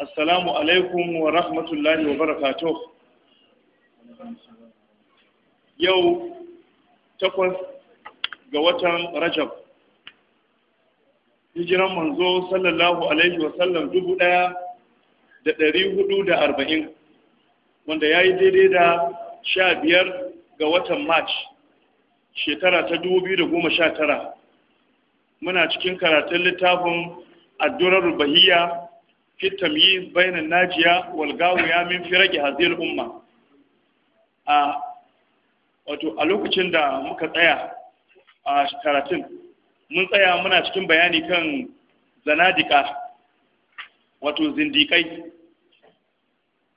assalamu alaikum wa rahmatullahi wa barakato. yau takwas ga watan rajab hijiran manzo sallallahu alaihi wa sallam dubu ɗaya da dari hudu da arba'in wanda ya yi daidai da sha biyar ga watan march shekara ta dubu biyu da goma sha tara muna cikin karatun littafin addurar bahiyya في التمييز بين الناجية wal من فرق هذه الأمة umma a wato a lokacin da muka tsaya a karatun mun tsaya muna cikin bayani kan zanadika wato zindikai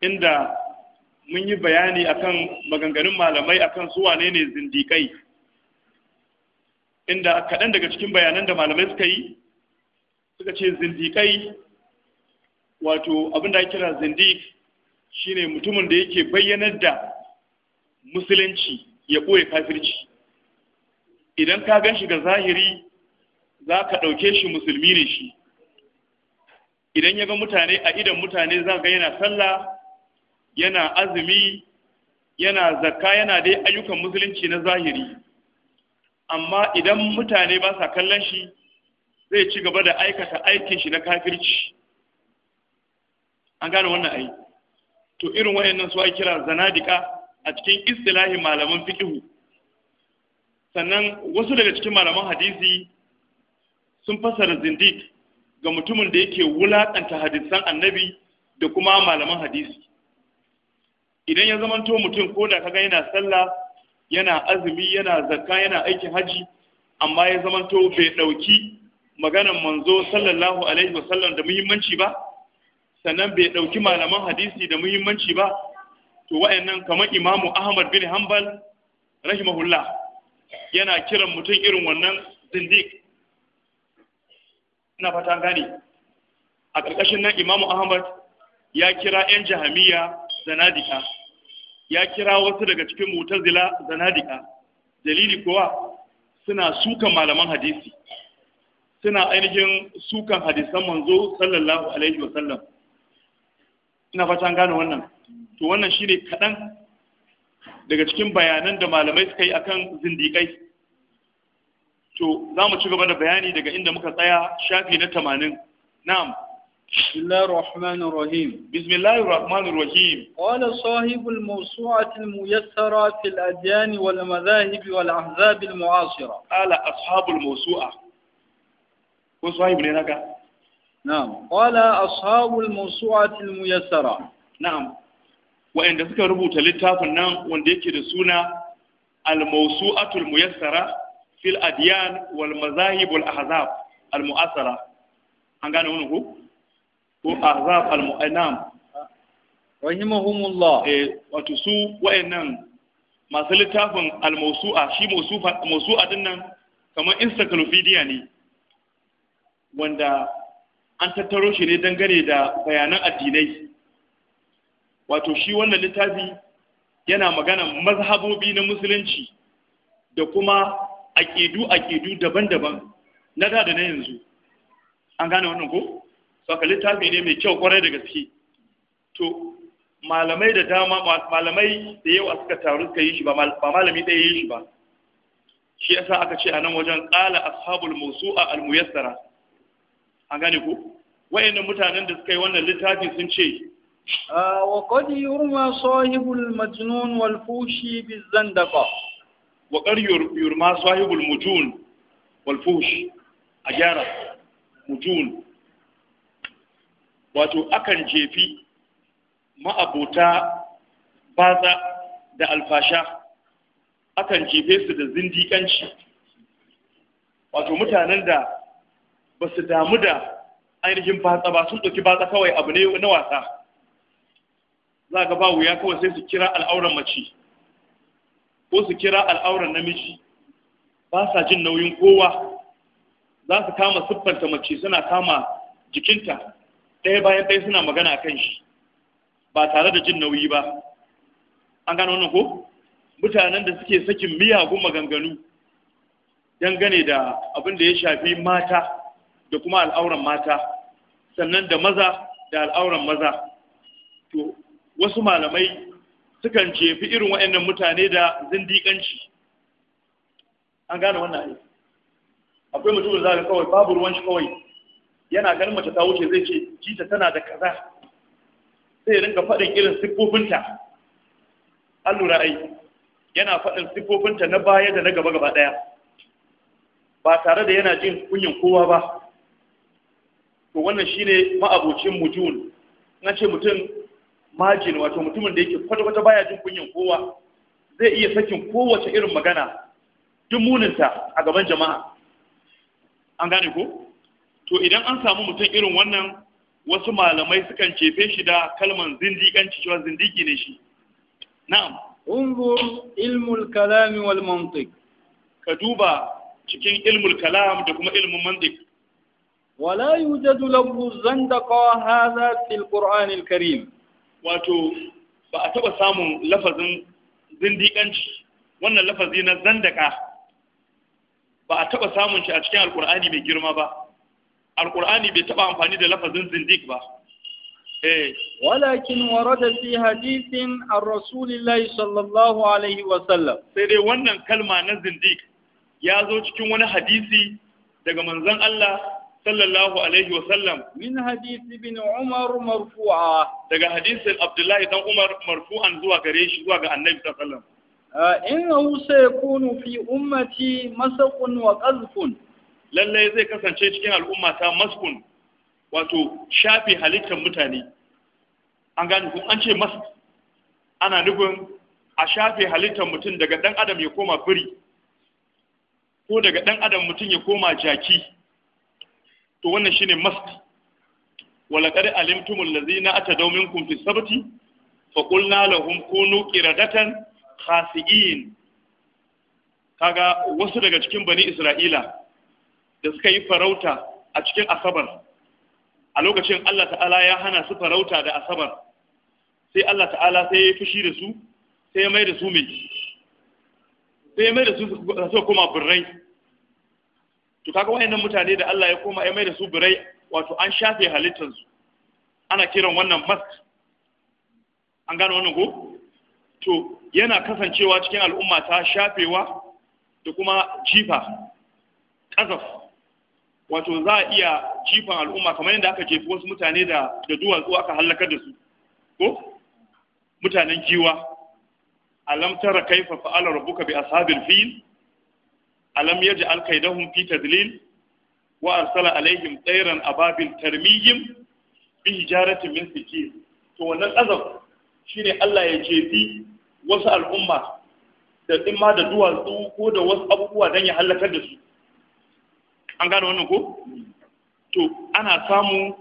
inda mun yi bayani akan maganganun malamai akan su wane ne zindikai inda kaɗan daga cikin bayanan da malamai suka yi suka ce zindikai wato abin da kira zindik shine mutumin da yake bayyanar da musulunci ya ɓoye kafirci idan ka gan shi ga zahiri za ka ɗauke shi musulmi ne shi idan ya ga mutane a idan mutane za ga yana sallah yana azumi yana zakka yana dai ayyukan musulunci na zahiri amma idan mutane ba sa kallon shi zai ci gaba da aikata aikin shi na kafirci an gane wannan ai to irin wayannan su ai kira zanadika a cikin istilahi malaman fiqhu sannan wasu daga cikin malaman hadisi sun fassara zindiq ga mutumin da yake wulakanta hadisan annabi da kuma malaman hadisi idan ya zamanto mutum ko da kaga yana sallah yana azumi yana zakka yana aikin haji amma ya zamanto bai dauki maganan manzo sallallahu alaihi wasallam da muhimmanci ba sannan bai ɗauki malaman hadisi da muhimmanci ba to wa'annan kamar imamu ahmad bin hanbal rahimahullah yana kiran mutum irin wannan zindik ina fata gane a ƙarƙashin nan imamu ahmad ya kira 'yan jahamiya zanadika ya kira wasu daga cikin mutazila zanadika dalili kuwa suna sukan malaman hadisi suna ainihin sukan hadisan manzo sallallahu alaihi wasallam ina fata an gane wannan to wannan shine kaɗan daga cikin bayanan da malamai suka yi akan zindiƙai to za mu ci gaba da bayani daga inda muka tsaya shafi na tamanin na'am بسم الله الرحمن الرحيم بسم الله الرحمن الرحيم قال صاحب الموسوعة الميسرة في الأديان والمذاهب والأحزاب المعاصرة قال أصحاب الموسوعة ko sahibu ne naka na'am qala ashabul mawsu'ati al-muyassara na'am wa'anda suka rubuta littafin nan wanda yake da suna al-mawsu'atu muyassara fil adyan wal mazahib ahzab al-mu'assara an gane wannan ko ko ahzab al-mu'anam eh, rahimahumullah eh wato su wa'annan masu littafin al-mawsu'a shi mawsu'a mawsu'a din nan kamar encyclopedia ne wanda an tattaro shi ne dangane da bayanan addinai wato shi wannan littafi yana magana mazhabobi na musulunci da kuma aƙidu aƙidu daban-daban na da da na yanzu an gane wannan ko saka littafi ne mai kyau kwarai da gaske to malamai da dama malamai da yawa suka taru suka yi shi ba malami ɗaya yi shi ba shi yasa aka ce a nan wajen ƙala ashabul musu'a al-muyassara an gane ku wayannan mutanen da suka yi wannan littafin sun ce ah, wa qad yurma sahibul majnun wal fushi bizandaqa wa qad yurma sahibul mujun wal fushi a gyara mujun wato akan jefi ma'abota baza da alfasha akan jefe su da zindiƙanci wato mutanen da ba su damu da ainihin batsa ba sun ɗauki batsa kawai abu ne na wasa za ga ba wuya kawai sai su kira al'auran mace ko su kira al'auran namiji ba sa jin nauyin kowa za su kama siffanta mace suna kama jikinta ɗaya bayan ɗaya suna magana a kan shi ba tare da jin nauyi ba an gano wannan ko mutanen da suke sakin miyagun maganganu dangane da abin da ya shafi mata da kuma al'auran mata sannan da maza da al'auran maza to wasu malamai sukan jefi irin wa'annan mutane da zindiƙanci an gane wannan ne akwai mutum da kawai babu ruwan shi kawai yana ganin mace ta wuce zai ce jita tana da kaza sai rinka faɗin irin siffofinta an lura ai yana faɗin siffofinta na baya da na gaba gaba ɗaya ba tare da yana jin kunyan kowa ba to wannan shine ma'abocin mujun na ce mutum majin wato mutumin da yake kwata-kwata baya jin kunyan kowa zai iya sakin kowace irin magana duk muninta a gaban jama'a an gane ko to idan an samu mutum irin wannan wasu malamai sukan cefe shi da kalman zindiƙanci cewa zindiki ne shi na'am unzur ilmul kalam wal mantiq ka duba cikin ilmul kalam da kuma ilmun mantiq wala yujadu lahu zandaqa hadha fil qur'an al karim wato ba a taba samun lafazin zindiƙanci wannan lafazi na zandaka ba a taba samun shi a cikin alqur'ani mai girma ba alqur'ani bai taba amfani da lafazin zindiq ba ولكن ورد في حديث عن رسول الله sallallahu alaihi wa sallam. sai dai wannan kalma na zindiq ya zo cikin wani hadisi daga manzon Allah sallallahu alaihi wa sallam من hadisi bin umar marfu'a daga hadisin abdullahi الله umar marfu'an zuwa gare shi zuwa ga annabi sallallahu alaihi wa sallam uh, sayakunu fi ummati masakun wa qazfun zai kasance cikin al'umma ta maskun wato shafi halittar mutane an gane ko an ce mas ana nufin a shafe halittar mutum daga dan adam ya koma biri ko daga dan adam mutum ya koma jaki to wannan shine masti wala qad alimtum allazina atadaw minkum fi sabti fa qulna lahum kunu qiradatan khasiin kaga wasu daga cikin bani isra'ila da suka yi farauta a cikin asabar a lokacin Allah ta'ala ya hana su farauta da asabar sai Allah ta'ala sai ya fushi da su sai ya mai da su mai sai ya mai da su su koma birrai to kaga wayannan mutane da Allah ya koma ya mai da su birai wato an shafe halittansu ana kiran wannan mask an gano wannan ko to yana kasancewa cikin al'umma ta shafewa da kuma jifa kazaf wato za a iya jifan al'umma kamar yadda aka jefi wasu mutane da da duwatsu aka halakar da su ko mutanen giwa alam tara kaifa fa'ala rabbuka bi ashabil fil alam yaj'al kaidahum fi tadlil wa arsala alaihim tsairan ababil tarmihim bi hijaratin min sijil to wannan azab shine Allah ya jefi wasu al'umma da tsimma da duwatsu ko da wasu abubuwa don ya halakar da su an gane wannan ko to ana samu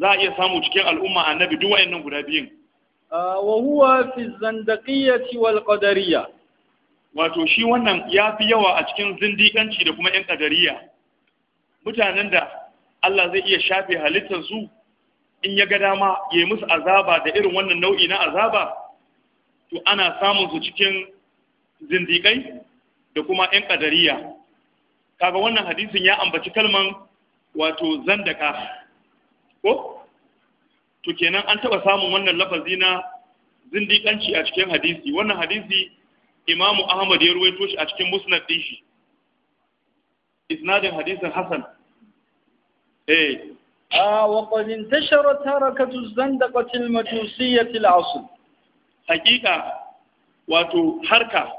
za a iya samu cikin al'umma annabi duk wayannan guda biyun ah, wa huwa fi zandaqiyati wal qadariyya wato shi wannan ya fi yawa a cikin zindiƙanci da kuma 'yan ƙadariya mutanen da Allah zai iya shafe halittarsu in ya ga dama ya yi musu azaba da irin wannan nau'i na azaba to ana samun su cikin zindiƙai da kuma 'yan ƙadariya kaga wannan hadisin ya ambaci kalman wato zandaka ko to kenan an taɓa samun wannan lafazi na zindiƙanci a cikin hadisi wannan hadisi imamu ahmad ya ruwaito shi a cikin musnad din shi isnadin hadisin hasan eh a wa qad intashara tarakatu zandaqatil majusiyatil asl haqiqa wato harka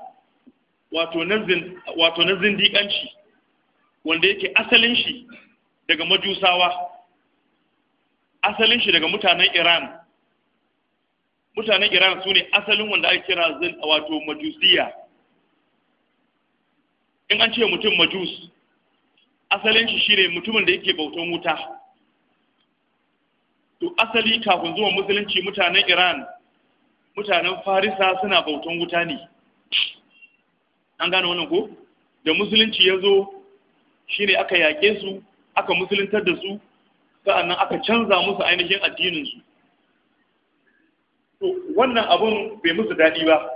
wato nazin wato nazin dikanci wanda yake asalin shi daga majusawa asalin shi daga mutanen iran mutanen iran su ne asalin wanda ake kira wato majusiya in an ce mutum majus asalin shi shine mutumin da yake bautan wuta to asali kafin zuwa musulunci mutanen iran mutanen farisa suna bautan wuta ne an gane wannan ko da musulunci ya zo shine aka yaƙe su aka musuluntar da su sa'annan aka canza musu ainihin addininsu to wannan abun bai musu daɗi ba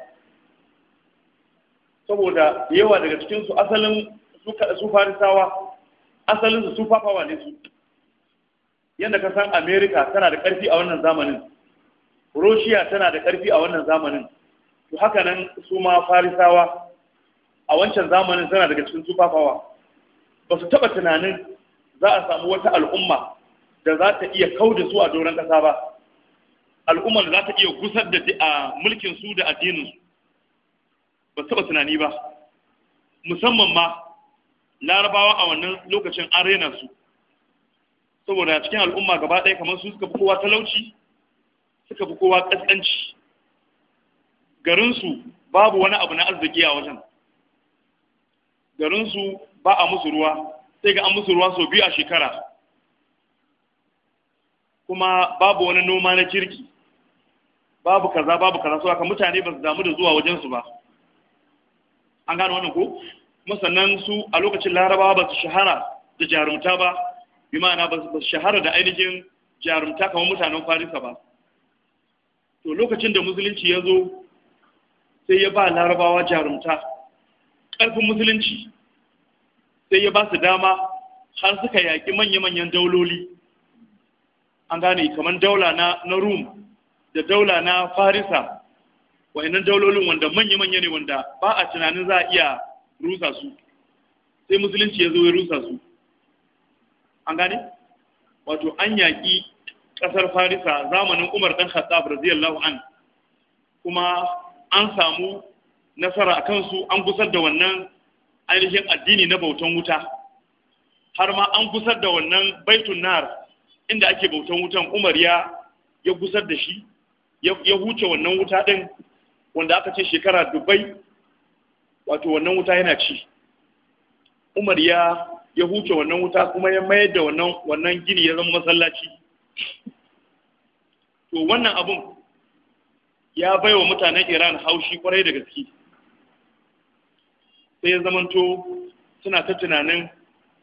saboda yawa daga cikinsu asalin su farisawa asalin su su fafawa ne su yadda ka san america tana da ƙarfi a wannan zamanin russia tana da ƙarfi a wannan zamanin to haka nan su ma farisawa a wancan zamanin tana daga cikin su fafawa ba su taɓa tunanin za a samu wata al'umma da za ta iya kau da su a doron ƙasa ba al'ummar za ta iya gusar da a mulkin su da addinin su ba taba tunani ba musamman ma larabawa a wannan lokacin an rena su saboda cikin al'umma gaba ɗaya kamar su suka fi kowa talauci suka fi kowa ƙasƙanci garinsu babu wani abu na arziki a wajen garinsu ba a musu ruwa sai ga an musu ruwa sau biyu a shekara kuma babu wani noma na kirki babu kaza babu kaza so haka mutane ba su damu da zuwa wajen su ba an gano wannan ko kuma sannan su a lokacin larabawa ba su shahara da jarumta ba bi ma'ana ba su shahara da ainihin jarumta kamar mutanen farisa ba to lokacin da musulunci ya zo sai ya ba larabawa jarumta ƙarfin musulunci sai ya ba su dama har suka yaƙi manya-manyan dauloli an gane kamar daula na, na rum da daula na farisa wa'annan daulolin wanda manya-manya ne wanda ba a tunanin za a iya rusa su sai musulunci ya zo ya rusa su an gane wato an yaƙi ƙasar farisa zamanin umar ɗan khattab radiyallahu an kuma an samu nasara a kansu an gusar da wannan ainihin addini na bautan wuta har ma an gusar da wannan baitun nar inda ake bautan wutan umar ya ya gusar da shi ya huce wannan wuta din wanda aka ce shekara dubai wato wannan wuta yana ci umar ya ya huce wannan wuta kuma ya mayar da wannan gini ya zama masallaci to wannan abun ya bai wa mutanen iran haushi kwarai da gaske sai ya zamanto suna ta tunanin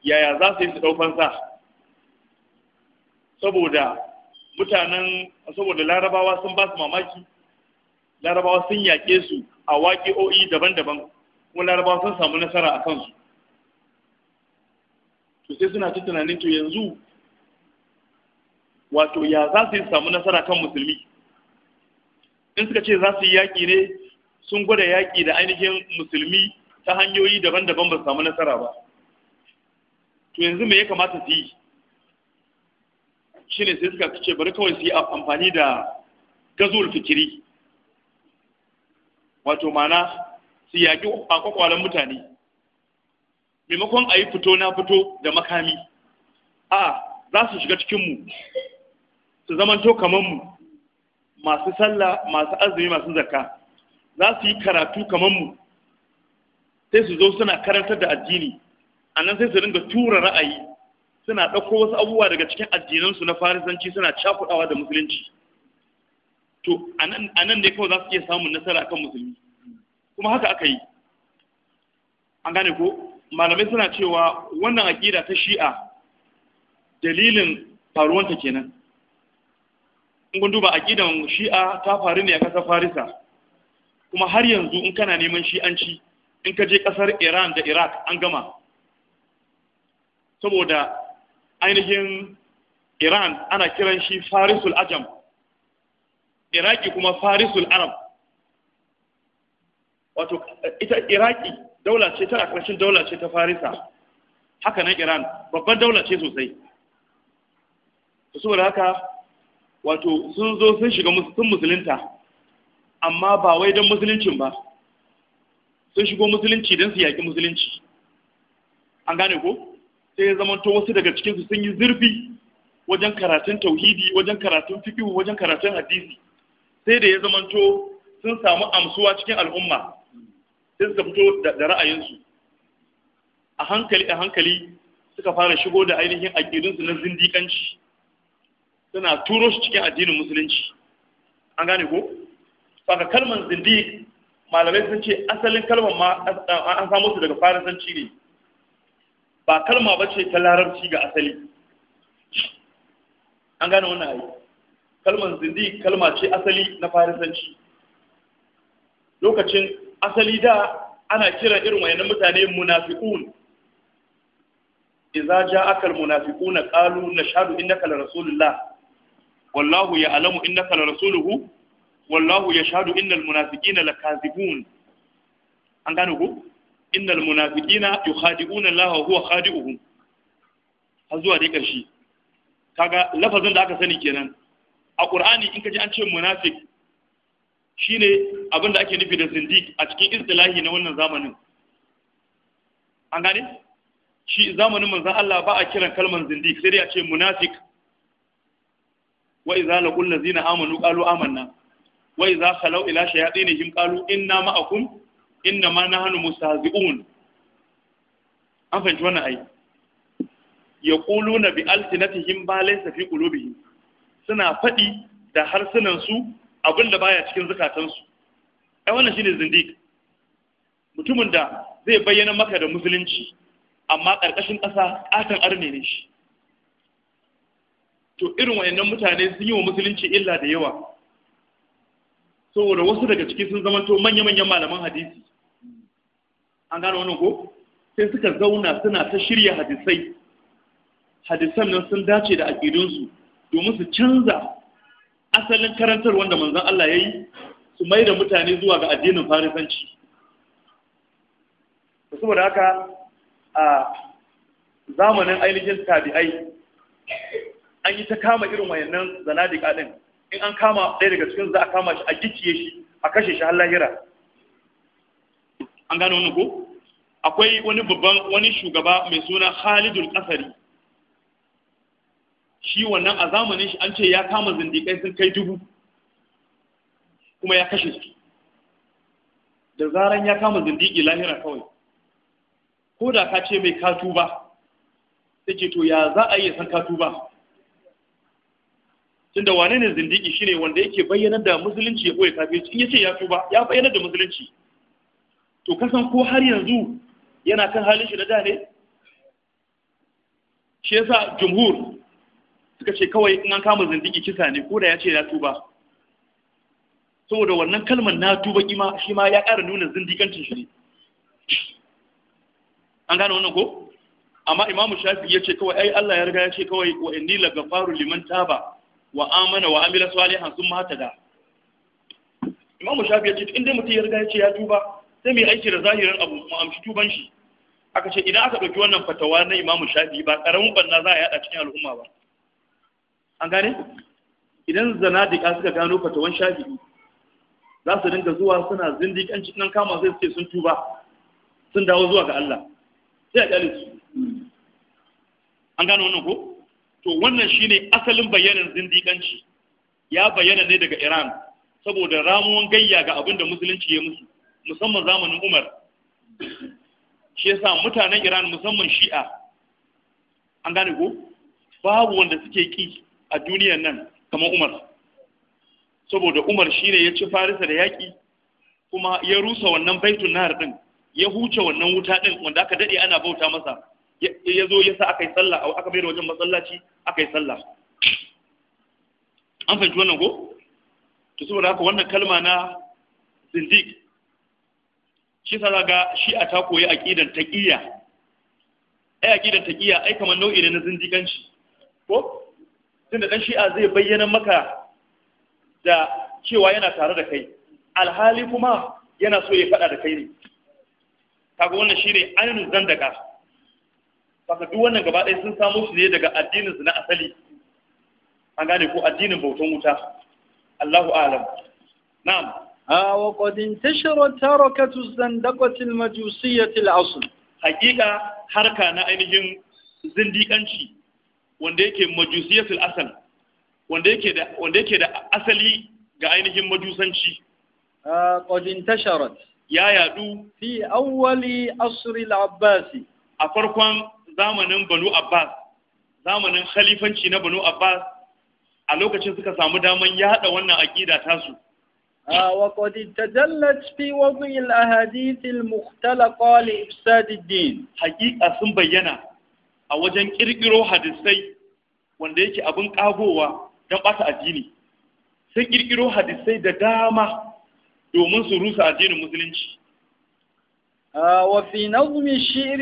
yaya za su yi su ɗaukansa. saboda mutanen saboda larabawa sun ba su mamaki larabawa sun yaƙe su a waƙi'o'i daban-daban kuma larabawa sun samu nasara a kansu to sai suna ta tunanin to yanzu wato ya za su yi samu nasara kan musulmi in suka ce za su yi yaƙi ne sun gwada yaƙi da ainihin musulmi ta hanyoyi daban-daban ba su samu nasara ba to yanzu me ya kamata su yi shine sai suka ce bari kawai su yi amfani da gazul fikiri wato mana su yaƙi kwakwalen mutane maimakon a yi fito na fito da makami a za su shiga cikinmu su zamanto kamanmu masu sallah masu azumi masu zakka za su yi karatu kamanmu sai su zo suna karantar da addini a nan sai su ringa tura ra'ayi suna ɗauko wasu abubuwa daga cikin addinansu na farisanci suna cakuɗawa da musulunci to a nan ne kawai za su iya samun nasara kan musulmi kuma haka aka yi an gane ko malamai suna cewa wannan aƙida ta shi'a dalilin faruwanta kenan in kun duba aƙidan shi'a ta faru ne a ƙasar farisa kuma har yanzu in kana neman shi'anci in ka je ƙasar iran da iraq an gama saboda ainihin Iran ana kiran shi Farisul Ajam, Iraki kuma Farisul Arab. Wato, ita Iraki daula ce tana ƙarshen daula ce ta Farisa, haka nan Iran babban daula ce sosai. saboda haka, wato sun zo sun shiga sun musulunta, amma ba wai don musuluncin ba, sun shigo musulunci don su yaƙi musulunci. An gane ko? sai ya zama to wasu daga cikinsu sun yi zurfi wajen karatun tauhidi wajen karatun fiqhu wajen karatun hadisi sai da ya zama to sun samu amsuwa cikin al'umma sai suka fito da ra'ayinsu a hankali a hankali suka fara shigo da ainihin aƙidunsu na zindiƙanci suna turo shi cikin addinin musulunci an gane ko baka kalmar zindiƙ malamai sun ce asalin kalmar ma an samu su daga farisanci ne ba kalma ba ce ta larabci ga asali an gane wannan ayi kalmar zindi kalma ce asali na farisanci lokacin asali da ana kira irin wayannan mutane munafiqun idza ja'aka almunafiquna qalu nashhadu innaka la rasulullah wallahu ya'lamu innaka la rasuluhu wallahu yashhadu innal munafiqina lakazibun an gane ku innal munafiqina yukhadi'una Allah wa huwa khadi'uhum har zuwa dai ƙarshe kaga lafazin da aka sani kenan a qur'ani in ka ji an ce munafiq shine abin da ake nufi da zindiq a cikin istilahi na wannan zamanin an gane shi zamanin manzon Allah ba a kiran kalmar zindiq sai dai a ce munafik wa idza laqul ladzina amanu qalu amanna wa idza khalau ila shayatinihim qalu inna ma'akum inna ma nahnu mustahzi'un an fahimci wannan ai na bi alsinatihim ba laisa fi qulubihim suna faɗi da harsunansu su abin da baya cikin zukatansu ai wannan shine zindiq mutumin da zai bayyana maka da musulunci amma ƙarƙashin ƙasa ƙaton arne ne shi to irin wayannan mutane sun yi wa musulunci illa da yawa saboda wasu daga ciki sun zamanto manya-manyan malaman hadisi an gano wani ko sai suka zauna suna ta shirya hadisai hadisan nan sun dace da aƙidunsu domin su canza asalin karantar wanda manzon Allah ya yi su mai da mutane zuwa ga addinin farisanci saboda haka a zamanin ainihin tabi'ai an yi ta kama irin wayannan zanadika din in an kama ɗaya daga cikin za a kama shi a gicciye shi a kashe shi har lahira an gano wani ko akwai wani babban wani shugaba mai suna Khalidul Qasari shi wannan a zamanin shi an ce ya kama zindikai sun kai dubu kuma ya kashe su da zaran ya kama zindiki lahira kawai ko da ka ce mai katu ba sai ce to ya za a yi san katu ba da wane ne zindiki shine wanda yake bayyana da musulunci ya boye kafin in yace ya tuba ya bayyana da musulunci to kasan ko har yanzu yana kan halin shi na da ne shi yasa jumhur suka ce kawai in an kama zindigi kisa ne ko da ya ce ya tuba saboda wannan kalmar na tuba kima shi ma ya ƙara nuna zindigancin shi ne an gane wannan ko amma imamu shafi ya ce kawai ai Allah ya riga ya ce kawai wa inni la gafaru liman taba wa amana wa amila salihan sun mata da imamu shafi ya ce in dai mutum ya riga ya ce ya tuba sai mai aiki da zahirin abu mu amshi tuban shi aka ce idan aka ɗauki wannan fatawa na imamu shafi ba ƙaramin banna za a yaɗa cikin al'umma ba an gane idan zanadika suka gano fatawan shafi za su dinga zuwa suna zindikanci nan kama sai suke sun tuba sun dawo zuwa ga Allah sai a ƙyale su an gano wannan ko to wannan shine asalin bayanan zindikanci ya bayyana ne daga Iran saboda ramuwan gayya ga abin da musulunci ya musu musamman zamanin Umar shi yasa mutanen Iran musamman Shi'a an gane ko babu wanda suke ki a duniyar nan kamar Umar saboda Umar shine ya ci Farisa da yaƙi kuma ya rusa wannan baitun nahar din ya huce wannan wuta din wanda aka dade ana bauta masa ya zo ya sa aka yi sallah aka bai da wajen masallaci aka yi sallah an fahimci wannan ko to saboda haka wannan kalma na zindik shi sa zaga shi a ta koyi aqidan a ai aqidan taqiyya ai kamar nau'i ne na zindiganci ko tunda dan shi'a zai bayyana maka da cewa yana tare da kai alhali kuma yana so ya faɗa da kai ne kaga wannan shine ainihin zandaka saka duk wannan gaba ɗaya sun samo su ne daga addinin su na asali an gane ko addinin bautan wuta Allahu a'lam na'am آه وقد انتشرت تركة الزندقة المجوسية الأصل harka na ainihin zindikanci wanda yake majusiyatul asal wanda yake da wanda yake da asali ga ainihin majusanci qad intasharat ya yadu fi awwali asri al-abbasi a farkon zamanin banu abbas zamanin khalifanci na banu abbas a lokacin suka samu daman ya hada wannan aqida tasu وقد تجلت في وضع الأحاديث المختلقة لإفساد الدين حقيقة sun bayyana a wajen kirkiro hadisai wanda yake abin kagowa don ɓata addini sai ƙirƙiro hadisai da dama domin su rusa addinin musulunci وفي نظم الشعر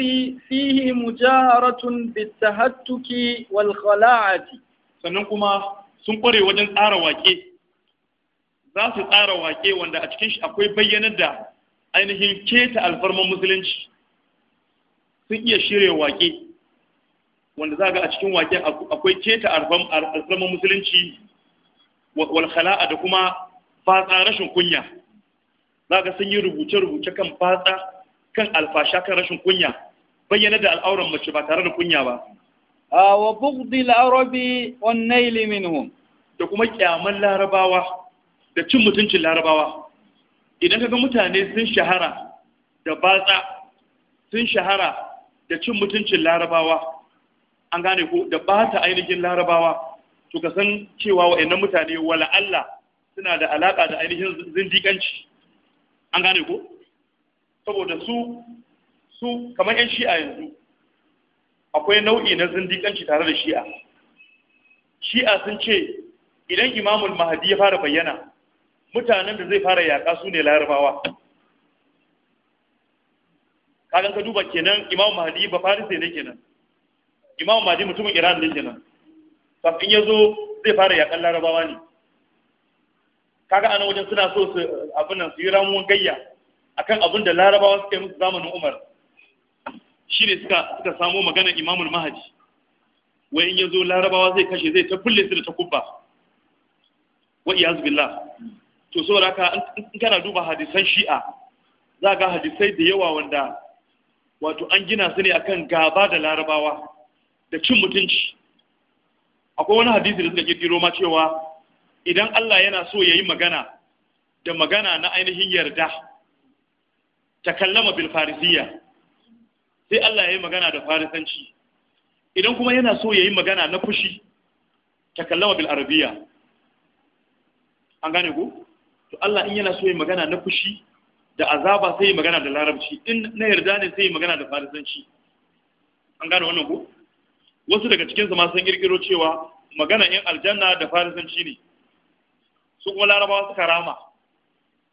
فيه مجاهرة بالتهتك والخلاعة sannan kuma sun ƙware wajen tsara wake za su tsara wake wanda a cikin shi akwai bayyanar da ainihin keta alfarman musulunci sun iya shirya wake wanda za ga a cikin wake akwai keta alfarman musulunci wal khala'a da kuma fatsa rashin kunya za ga sun yi rubuce-rubuce kan fatsa kan alfasha kan rashin kunya bayyana da al'auran mace ba tare da kunya ba ah, wa bughdil larabi wan nail minhum da kuma kyaman larabawa da cin mutuncin larabawa idan kaga mutane sun shahara da batsa sun shahara da cin mutuncin larabawa an gane ko da bata ainihin larabawa to ka san cewa wa'annan mutane wala Allah suna da alaka da ainihin zindiƙanci an gane ko saboda su su kamar 'yan shi'a yanzu akwai nau'i na zindikanci tare da shi'a shi'a sun ce idan imamul mahadi ya fara bayyana mutanen da zai fara yaƙa su ne larabawa kagan ka duba kenan imam mahdi ba farise ne kenan imam mahdi mutumin iran ne kenan kafin ya zo zai fara yaƙan larabawa ne kaga anan wajen suna so su abin nan su yi ramuwan gayya akan abin da larabawa suka yi musu zamanin umar shi ne suka suka samo maganar imamul mahdi wai in larabawa zai kashe zai ta kulle su da ta kubba wa iyaz billah to saboda haka in kana duba hadisan shi'a za ga hadisai da yawa wanda wato an gina su ne akan gaba da larabawa da cin mutunci akwai wani hadisi da suka kiro ma cewa idan Allah yana so ya yi magana da magana na ainihin yarda ta kallama bil farisiyya sai Allah ya yi magana da farisanci idan kuma yana so ya yi magana na fushi ta kallama bil arabiyya an gane ku to Allah in yana so yi magana na fushi da azaba sai yi magana da larabci in na yarda ne sai yi magana da farisanci an gane wannan ko wasu daga cikinsu ma sun girgiro cewa magana in aljanna da farisanci ne su kuma larabawa suka rama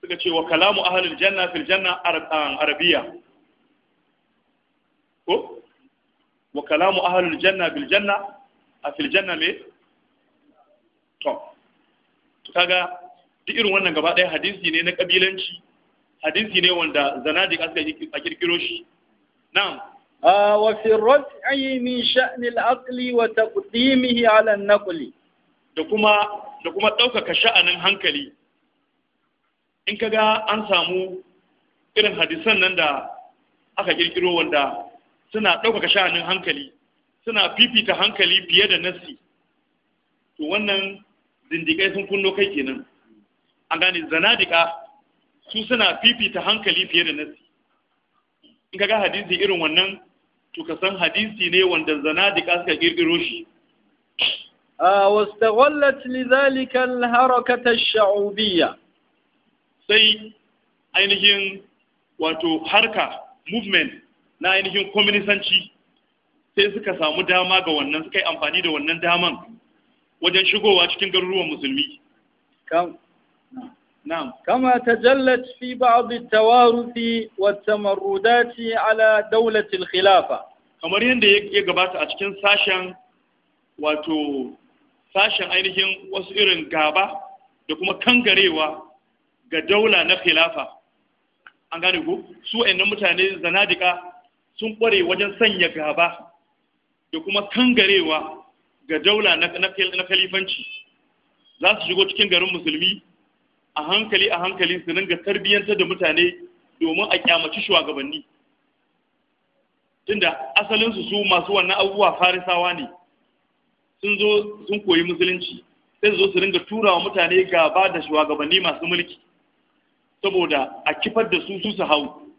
suka ce wa kalamu ahalil janna fil janna ah, arabiya ko wa kalamu ahalil janna bil janna a fil janna me to kaga duk irin wannan gaba ɗaya hadisi ne na ƙabilanci hadisi ne wanda zanadik aka a kirkiro shi na'am wa fi rafi'i min sha'ni al-aqli wa taqdimihi 'ala an-naqli da kuma da kuma ɗaukaka sha'anin hankali in kaga an samu irin hadisan nan da aka kirkiro wanda suna ɗaukaka sha'anin hankali suna fifita hankali fiye da nassi to wannan zindikai sun kunno kai kenan an gane zanadika su suna fifita hankali fiye da nasi in ka ga hadisi irin wannan to ka san hadisi ne wanda zanadika suka kirkiro shi واستغلت لذلك الحركة الشعوبية sai ainihin wato harka movement na ainihin kwaminisanci sai suka samu dama ga wannan suka yi amfani da wannan daman wajen shigowa cikin garuruwan musulmi نعم كما تجلت في بعض التوارث والتمردات على دولة الخلافة kamar yadda ya gabata a cikin sashen wato sashen ainihin wasu irin gaba da kuma kangarewa ga daula na khilafa an gane ko su wayannan mutane zanadika sun kware wajen sanya gaba da kuma kangarewa ga daula na khalifanci za su shigo cikin garin musulmi a hankali a hankali su ringa tarbiyyantar da mutane domin a kyamaci shugabanni tunda asalinsu su masu wannan abubuwa farisawa ne sun zo sun koyi musulunci sai su zo su ringa tura wa mutane gaba da shugabanni masu mulki saboda a kifar da su su su hau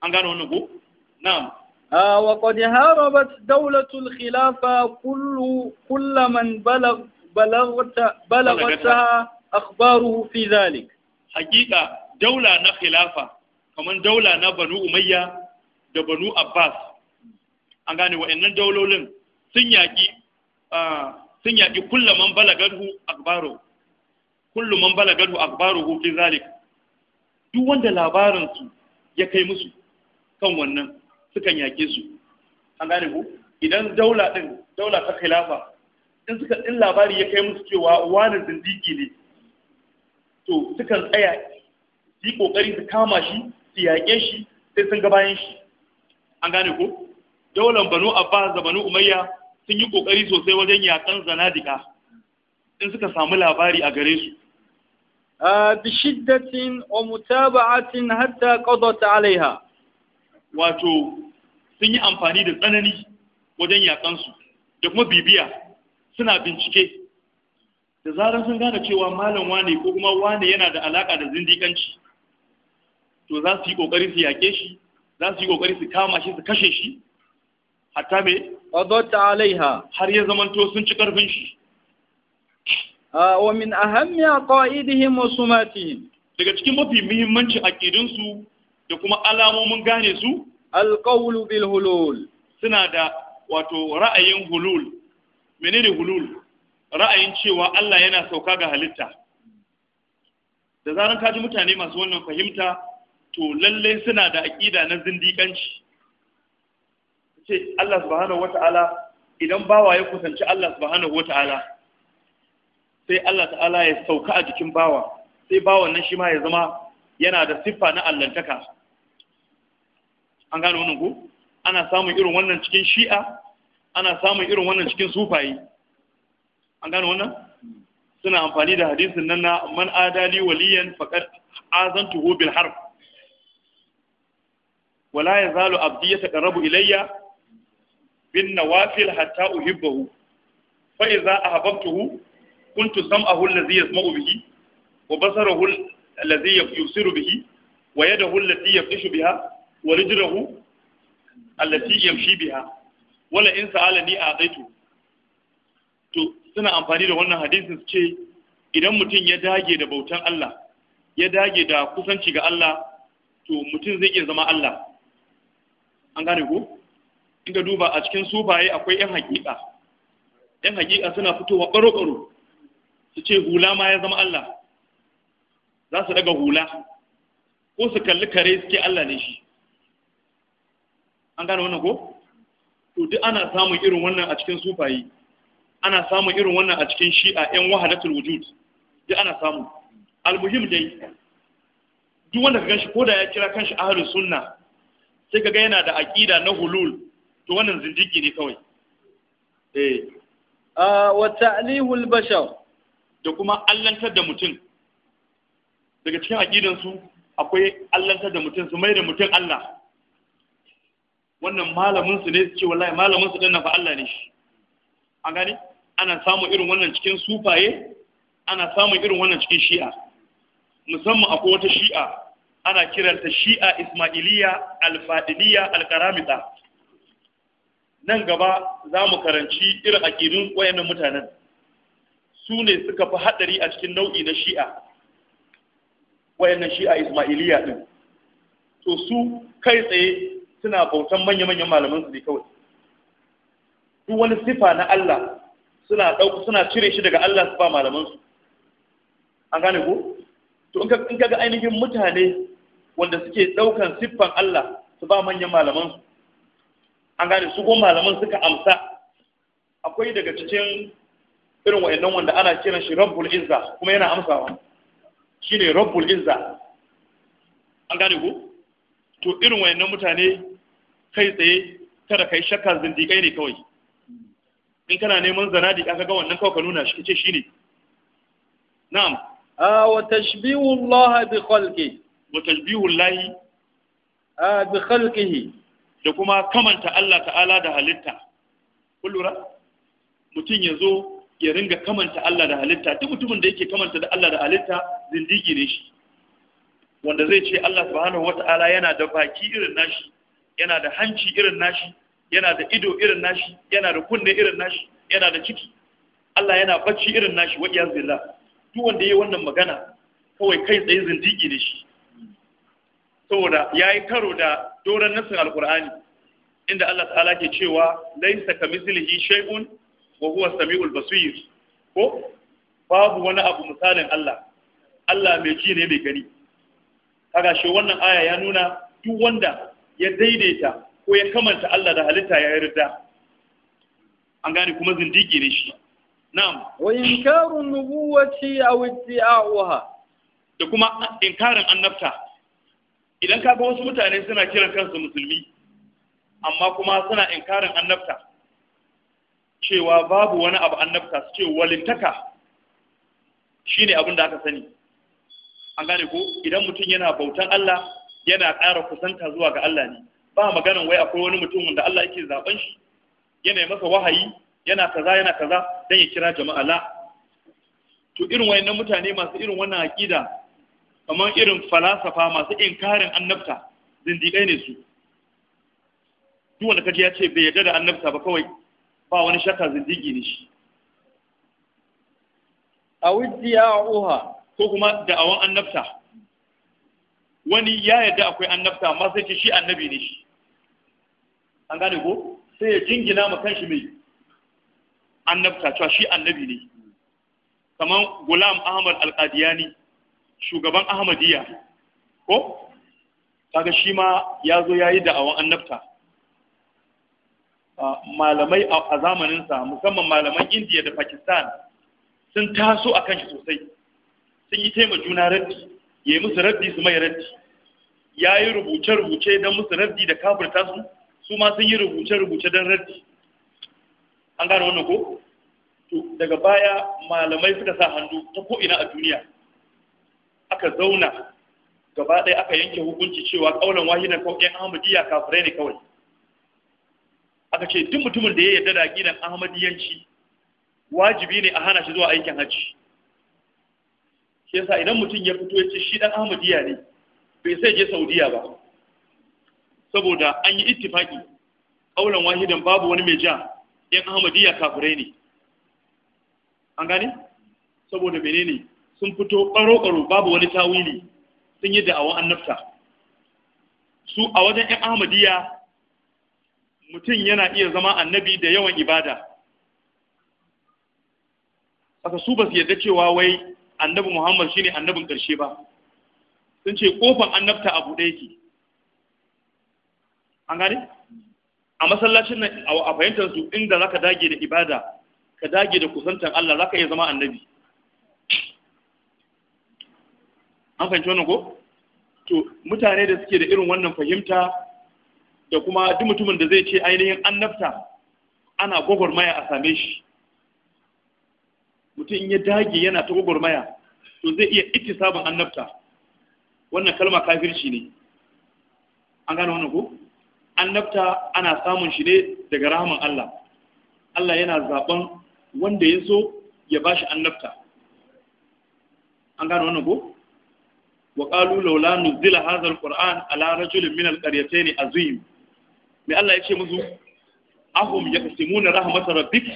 an gano wannan ko na'am qad harabat dawlatul khilafa kullu kullu man balag balagta balagta akhbaruhu fi zalik haqiqa daula na khilafa kaman daula na banu umayya da banu abbas an gane wa'annan daulolin sun yaki sun yaki kullu man balagahu akhbaru kullu man balagahu akhbaruhu fi zalik duk wanda labarin su ya kai musu kan wannan sukan yake su an gane ku idan daula din daula ta khilafa in suka din labari ya kai musu cewa wani zindiki ne to sukan tsaya su yi kokari su kama shi su yaƙe shi sai sun ga bayan shi an gane ko daular banu abbas da banu umayya sun yi kokari sosai wajen yakan zanadika in suka samu labari a gare su bishiddatin wa mutaba'atin hatta qadat alaiha wato sun yi amfani da tsanani wajen yakan da kuma bibiya suna bincike da zarar sun gane cewa malam wane ko kuma wane yana da alaka da zindikanci to za su yi kokari su yake shi za su yi kokari su kama shi su kashe shi hatta me qadatta alaiha har ya zamanto sun ci karfin shi wa min ahammi aqaidihim wa sumatihim daga cikin mafi muhimmancin aqidun su da kuma alamomin gane su alqawlu bil hulul suna da wato ra'ayin hulul menene hulul ra'ayin cewa Allah yana sauka ga halitta da zaran ka ji mutane masu wannan fahimta to lalle suna da aƙida na zindiƙanci ce Allah subhanahu wata'ala idan bawa ya kusanci Allah subhanahu wata'ala sai Allah ta'ala ya sauka a jikin bawa sai bawan nan shi ma ya zama yana da siffa na allantaka an gano wannan ku ana samun irin wannan cikin shi'a ana samun irin wannan cikin sufayi an gane wannan suna amfani da hadisin nan na man adali waliyan faqad azantuhu bil harb wala yazalu abdi yataqarrabu ilayya bin nawafil hatta uhibbahu fa idza ahbabtuhu kuntu sam'ahu allazi yasma'u bihi wa basarahu allazi yubsiru bihi wa yadahu allati yabtishu biha wa rijluhu allati yamshi biha wala in sa'alani a'taitu to suna amfani da wannan hadisin su ce idan mutum ya dage da bautan Allah ya dage da kusanci ga Allah to mutum zai iya zama Allah an gane ko inda duba a cikin sufaye akwai yan hakika yan hakika suna fitowa baro-baro su ce hula ma ya zama Allah za su daga hula ko su kalli kare suke Allah ne shi an gane wannan ko to duk ana samun irin wannan a cikin sufaye ana samun irin wannan a cikin shi'a yan wahadatul wujud duk ana samu almuhim dai duk wanda ka ganshi koda ya kira kanshi ahlus sunna sai ka ga yana da aqida na hulul to wannan zindigi ne kawai eh wa ta'lihul bashar da kuma allantar da mutum daga cikin aqidan su akwai allantar da mutum su mai da mutum Allah wannan malamin su ne su ce wallahi malamin su din na fa Allah ne shi an gani. ana samun irin wannan cikin sufaye ana samun irin wannan cikin shi'a musamman akwai wata shi'a ana kiranta shi'a ismailiya alfadiliya alkaramita nan gaba za mu karanci irin aƙidun wayannan mutanen su ne suka fi haɗari a cikin nau'i na shi'a wayannan shi'a ismailiya ɗin to su kai tsaye suna bautan manya-manyan malaman su ne kawai duk wani sifa na Allah suna ɗauku suna cire shi daga Allah su ba malamansu an gane ko to in ka ga ainihin mutane wanda suke ɗaukan siffan Allah su ba manyan malamansu an gane su ko malaman suka amsa akwai daga cikin irin wayannan wanda ana kiran shi rabbul izza kuma yana amsawa shine rabbul izza an gane ko to irin wayannan mutane kai tsaye kada kai shakka zindigai ne kawai in kana neman zanadi ka ga wannan kawai ka nuna shi kace shine na'am a wa tashbihu Allah bi khalqi wa tashbihu Allah a bi khalqihi da kuma kamanta Allah ta'ala da halitta kullura mutum ya zo ya ringa kamanta Allah da halitta duk mutumin da yake kamanta da Allah da halitta zindigi ne shi wanda zai ce Allah subhanahu wata'ala yana da baki irin nashi yana da hanci irin nashi yana da ido irin nashi yana da kunne irin nashi yana da ciki Allah yana bacci irin nashi wa iyaz billah duk wanda yayi wannan magana kawai kai tsaye zindigi da shi saboda yayi karo da doran nasin alqur'ani inda Allah ta'ala ke cewa laysa kamithlihi shay'un wa huwa samiul basir ko babu wani abu misalin Allah Allah mai ji ne mai gani kaga shi wannan aya ya nuna duk wanda ya daidaita ko ya kamanta Allah da halitta ya yarda an gane kuma zindigi ne shi na'am wa inkaru nubuwati aw iddi'aha da kuma inkarin annabta idan ka wasu mutane suna kiran kansu musulmi amma kuma suna inkarin annabta cewa babu wani abu annabta su ce walintaka shine abin da aka sani an gane ko idan mutum yana bautan Allah yana ƙara kusanta zuwa ga Allah ne ba maganan wai akwai wani mutum da Allah yake zaben shi yana masa wahayi yana kaza yana kaza dan ya kira jama'a la to irin wayannan mutane masu irin wannan aqida kamar irin falasafa masu inkarin annabta zindiƙai ne su duk wanda kaji ya ce bai yarda da annabta ba kawai ba wani shakka zindigi ne shi a uha ko kuma awan annabta wani ya yadda akwai annabta amma sai ce shi annabi ne shi an gane ko sai ya jingina ma kanshi mai annabta cewa shi annabi ne kamar gulam ahmad alkadiyani shugaban ahmadiyya ko kaga shi ma ya zo ya yi da'awan annabta ah, malamai a zamaninsa musamman malaman indiya da pakistan sun taso a kanshi sosai sun yi taima juna ratti. ya yi musu raddi su mai raddi ya yi rubuce-rubuce don musu raddi da kafirta su su ma sun yi rubuce-rubuce don raddi an gane wannan ko to daga baya malamai suka sa hannu ta ko'ina a duniya aka zauna gaba ɗaya aka yanke hukunci cewa ƙaunar wahidan kawai ahmadiyya kafirai ne kawai aka ce duk mutumin da ya yarda da aƙidan ahmadiyyanci wajibi ne a hana shi zuwa aikin hajji shi yasa idan mutum ya fito ya ce shi dan ahmadiyya ne bai sai je saudiya ba saboda an yi ittifaki kaulan wahidan babu wani mai ja yan ahmadiyya kafirai ne an gane saboda menene sun fito ƙaro karo babu wani tawili sun yi da'awa annabta su a wajen 'yan ahmadiyya mutum yana iya zama annabi da yawan ibada aka su ba su yadda cewa wai annabi Muhammad shine annabin ƙarshe ba sun ce kofan annabta a buɗe yake an gane a masallacin nan a fahimtar su inda zaka dage da ibada ka dage da kusantar Allah zaka iya zama annabi an fahimci wannan ko to mutane da suke da irin wannan fahimta da kuma duk mutumin da zai ce ainihin annabta ana gwagwarmaya a same shi mutum ya dage yana ta gwagwarmaya to zai iya sabon annabta wannan kalma kafirci ne an gane wannan ko annabta ana samun shi ne daga rahaman Allah Allah yana zaben wanda ya so ya bashi annabta an gane wannan ko wa qalu laula nuzila hadha alquran ala rajulin min alqaryatayn azim me Allah ya ce musu ahum yaqsimuna rahmat rabbik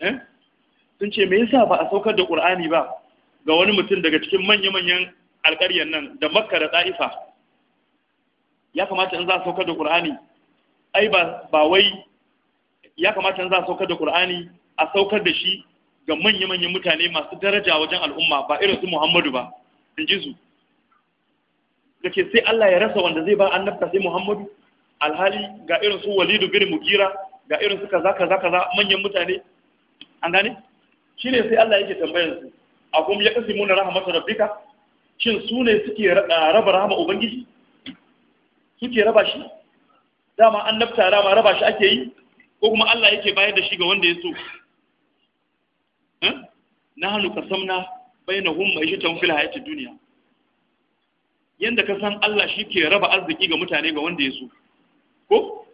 eh sun ce me yasa ba a saukar da qur'ani ba ga wani mutum daga cikin manya-manyan alƙaryar nan da makka da ɗa'ifa ya kamata in za a saukar da ƙur'ani ai ba wai ya kamata in za a saukar da ƙur'ani a saukar da shi ga manya-manyan mutane masu daraja wajen al'umma ba irin su muhammadu ba in ji su da ke sai allah ya rasa wanda zai ba annabta sai muhammadu alhali ga irin su walidu bin mugira ga irin su kaza kaza kaza manyan mutane an gane shine sai Allah yake tambayar su akum yaqsimuna rahmatar rabbika shin su ne suke ah, raba rahama ubangiji suke raba shi dama an nafta rama raba shi ake yi ko kuma Allah yake bayar da shi ga wanda ya so eh? na hannu ka samna bai na hun mai shitan fil hayati duniya yanda ka san Allah shi ke raba arziki ga mutane ga wanda ya so ko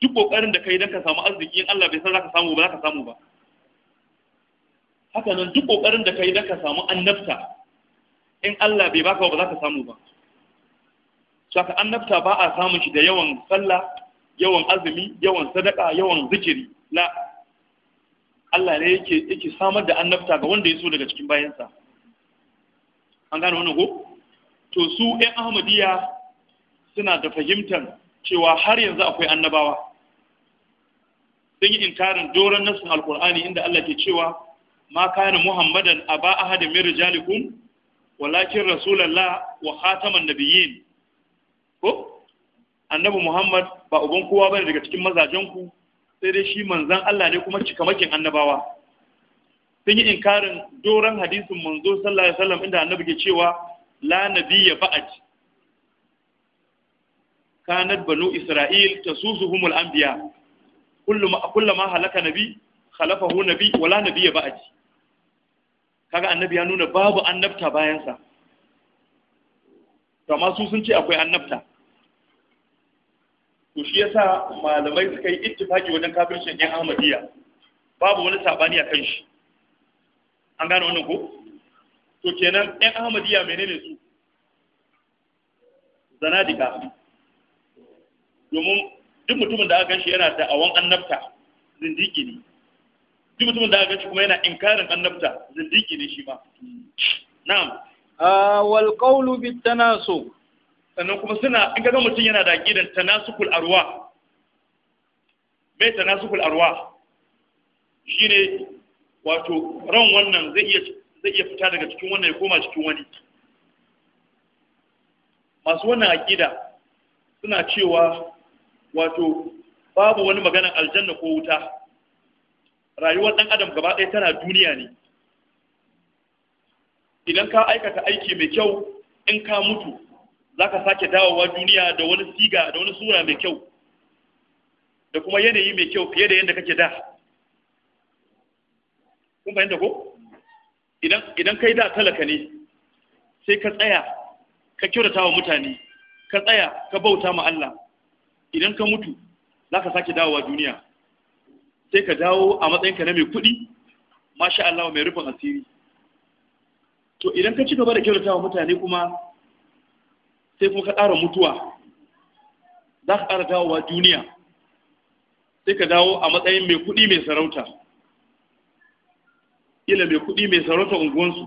duk kokarin da kai dan ka samu arziki in Allah bai san zaka samu ba zaka samu ba haka nan duk ƙoƙarin da ka yi da ka samu annabta in Allah bai baka ba za ka samu ba saka annabta ba a samun shi da yawan sallah yawan azumi yawan sadaka yawan zikiri la Allah ne yake yake samar da annabta ga wanda ya so daga cikin bayansa an gane wannan ko to su ƴan Ahmadiyya suna da fahimtar cewa har yanzu akwai annabawa sun yi inkarin doron nasin alkur'ani inda Allah ke cewa ma كان muhammadan aba ahadin من رجالكم walakin رسول wa وخاتم النبيين ko annabi muhammad ba uban kowa bane daga cikin mazajen ku sai dai shi manzan Allah ne kuma cikamakin annabawa sun yi inkarin doron hadisin manzo sallallahu alaihi wasallam inda annabi ke cewa la nabiyya ba'd kanat banu isra'il tasusuhumul anbiya kullu ma halaka nabi khalafahu nabi wala nabiyya ba'd kaga annabi ya nuna babu annabta bayansa amma su sun ce akwai annabta to shi yasa malamai suka yi ittifaki wajen kafircin yan ahmadiyya babu wani sabani a kan shi an gane wannan ko to kenan yan ahmadiyya menene su zanadika domin duk mutumin da aka shi yana da awon annabta zindiki ne duk mutumin da aka ci kuma yana inkarin annabta zindiki ne shi ba. na'am wal qawlu bit tanasub sannan kuma suna in ga mutum yana da gidan tanasukul arwa mai tanasukul arwa shine wato ran wannan zai iya zai iya fita daga cikin wannan ya koma cikin wani masu wannan aqida suna cewa wato babu wani maganar aljanna ko wuta rayuwar ɗan adam gaba ɗaya tana duniya ne idan ka aikata aiki mai kyau in ka mutu za ka sake dawowa duniya da wani siga da wani sura mai kyau da kuma yanayi mai kyau fiye da yadda kake da kun fahimta ko idan kai da talaka ne sai ka tsaya ka kyautata wa mutane ka tsaya ka bauta ma Allah idan ka mutu za ka sake dawowa duniya sai ka dawo a matsayinka na mai kuɗi masha Allah mai rufin asiri to idan ka ci gaba da kyautatawa mutane kuma sai kuma ka ƙara mutuwa za ka ƙara dawowa duniya sai ka dawo a matsayin mai kuɗi mai sarauta ila mai kuɗi mai sarauta unguwansu